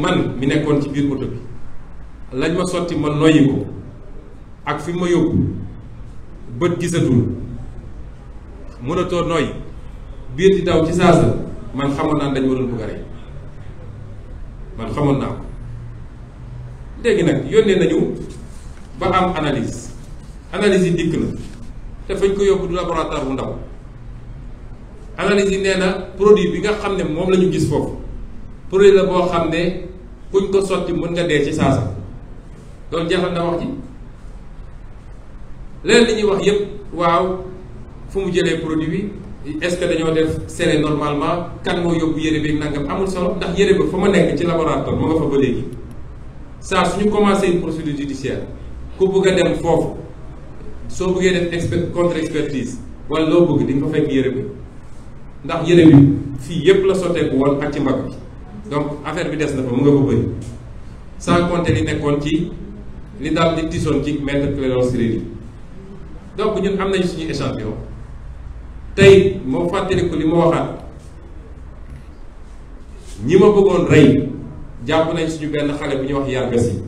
man mi nekkoon ci biir oto bi lañ ma sotti ma noyyi ko ak fi ma yóbbu bët gisatul mënatoo noyyi biir di daw ci saasa man xamoon naa dañ ma doon bëgg man xamoon naa ko léegi nag yónnee nañu ba am analyse analyse yi dikk na te fañ ko yóbbu du laboratoire bu ndaw analyse yi nee na produit bi nga xam ne moom la ñu gis foofu produit la boo xam ne kuñ ko sotti mën nga dee ci saasa loolu jeexal na wax ji leneen li ñuy wax yépp waaw fu mu jëlee produit bi est-ce que dañoo def scellé normalement kan moo yóbbu yére bi nangam amul solo ndax yére ba fa ma nekk ci laboratoire ma nga fa ba léegi saa suñu commencé une procédure judiciaire ku bëgg a dem foofu soo bëggee def expert contre expertise wala loo bëgg di nga fekk yére bi ndax yére bi fii yépp la sotteeku woon ak ci mbagg bi donc affaire bi des na fa mu nga ko bëri sans compter li nekkoon ci li daal di tisoon ci maître Clédor Ciré Ly donc ñun am nañu suñu échantillon tey moo fàttaliku li ma waxaat ñi ma bëggoon rey jàpp nañ suñu benn xale bu ñuy wax yargas yi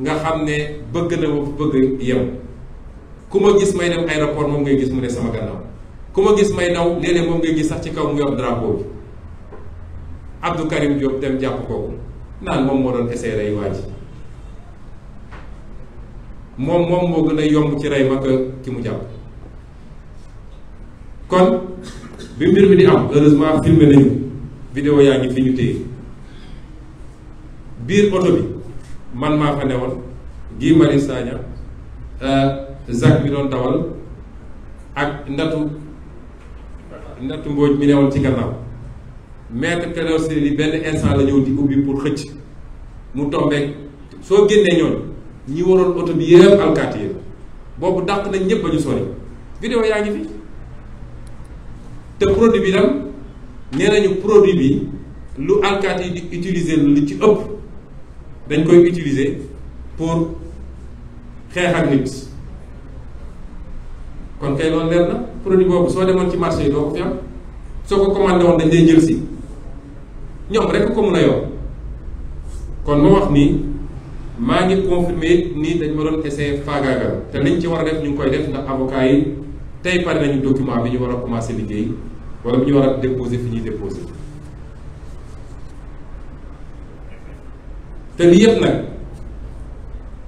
nga xam ne bëgg na ma bëgg yem ku ma gis may dem aéroport moom ngay gis mu ne sama gannaaw ku ma gis may daw léeg moom ngay gis sax ci kaw mu yor drapeau bi Abdou Karim Diop dem jàpp kooku naan moom moo doon essayé rey waa moom moom moo gën a yomb ci rey ma ki mu jàpp kon bi mbir mi di am heureusement filmé nañu vidéo yaa ngi fi ñu téye biir oto bi man maa fa newoon Guy Marius Sagna euh, Zak bi doon dawal ak ndatu ndatu mbooj mi newoon ci gannaaw maître Clédor Ciré Ly benn instant la ñëw di ubbi pour xëcc mu tombeek soo génnee ñooñu ñi waroon oto bi yëpp alkaati yi boobu dàq nañ ñëpp ba ñu sori vidéo yaa ngi fi te produit bi tam nee nañu produit bi lu alkaati yi di utiliser lu ci ëpp dañ koy utiliser pour xeex ak nit kon kay loolu leer na produit boobu soo demoon ci marché yi doo ko fi am soo ko commandé woon dañ lay jël si ñoom rek ko mun a yor kon ma wax nii maa ngi confirmé nii dañ ma doon essayer faagaagal te liñ ci war a def ñu ngi koy def ndax avocat yi tey pare nañu document bi ñu war a commencé liggéey wala bu ñu war a déposer fi ñuy déposer te lii yëpp nag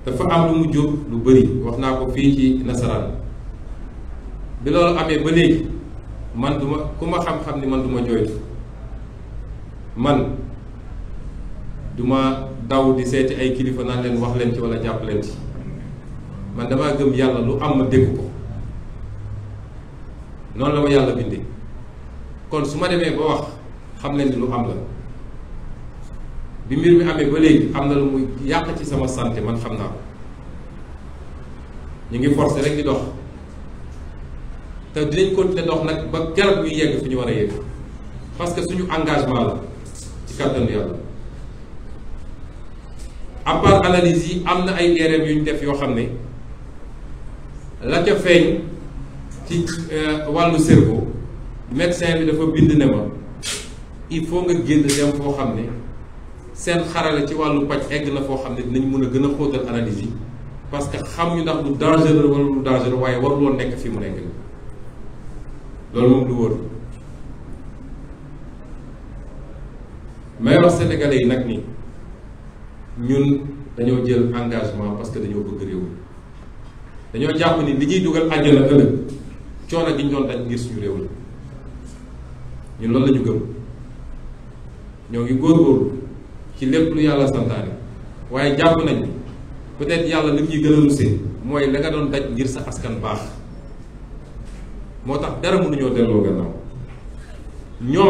dafa am lu mu jur lu bari wax naa ko fii ci nasaraan bi loolu amee ba léegi man duma ku ma xam-xam ni man duma jooytu man duma daw di seeti ay kilifa naan leen wax leen ci walla jàpp leen ci man damaa gëm yàlla lu am ma dégg ko noonu la ma yàlla bindee kon su ma demee ba wax xam leen ni lu am la bi mbir mi amee ba léegi am na lu mu yàq ci sama sante man xam naa ko ñu ngi forcé rek di dox te dinañ continuer dox nag ba garab yu yegg fi ñu war a yegg parce que suñu engagement la ci kàttanu yàlla à part analyse yi am na ay erreurs yu ñu def yoo xam ne la ca feeñ ci euh, wàllu cerveau médecin bi dafa bind ne ma il faut nga génn dem foo xam ne seen xarale ci wàllu paj egg na foo xam ne dinañ mën a gën a xóotal analyse yi parce que xam ñu ndax lu dangereux wala lu dangereux waaye waruloon nekk fi mu nekk loolu moom du wóor may wax sénégalais yi nag ni ñun dañoo jël engagement parce que dañoo bëgg réew mi dañoo jàpp ni li ñuy dugal àjjana ëllëg coono gi ñu doon daj ngir suñu réew la ñun loolu la ñu gëm ñoo ngi góorgóorlu ci lépp lu yàlla santaane waaye jàpp nañ peut-être yàlla li ñuy gën a rusee mooy la nga doon daj ngir sa askan baax moo tax dara mënuñoo delloo gannaaw ñoom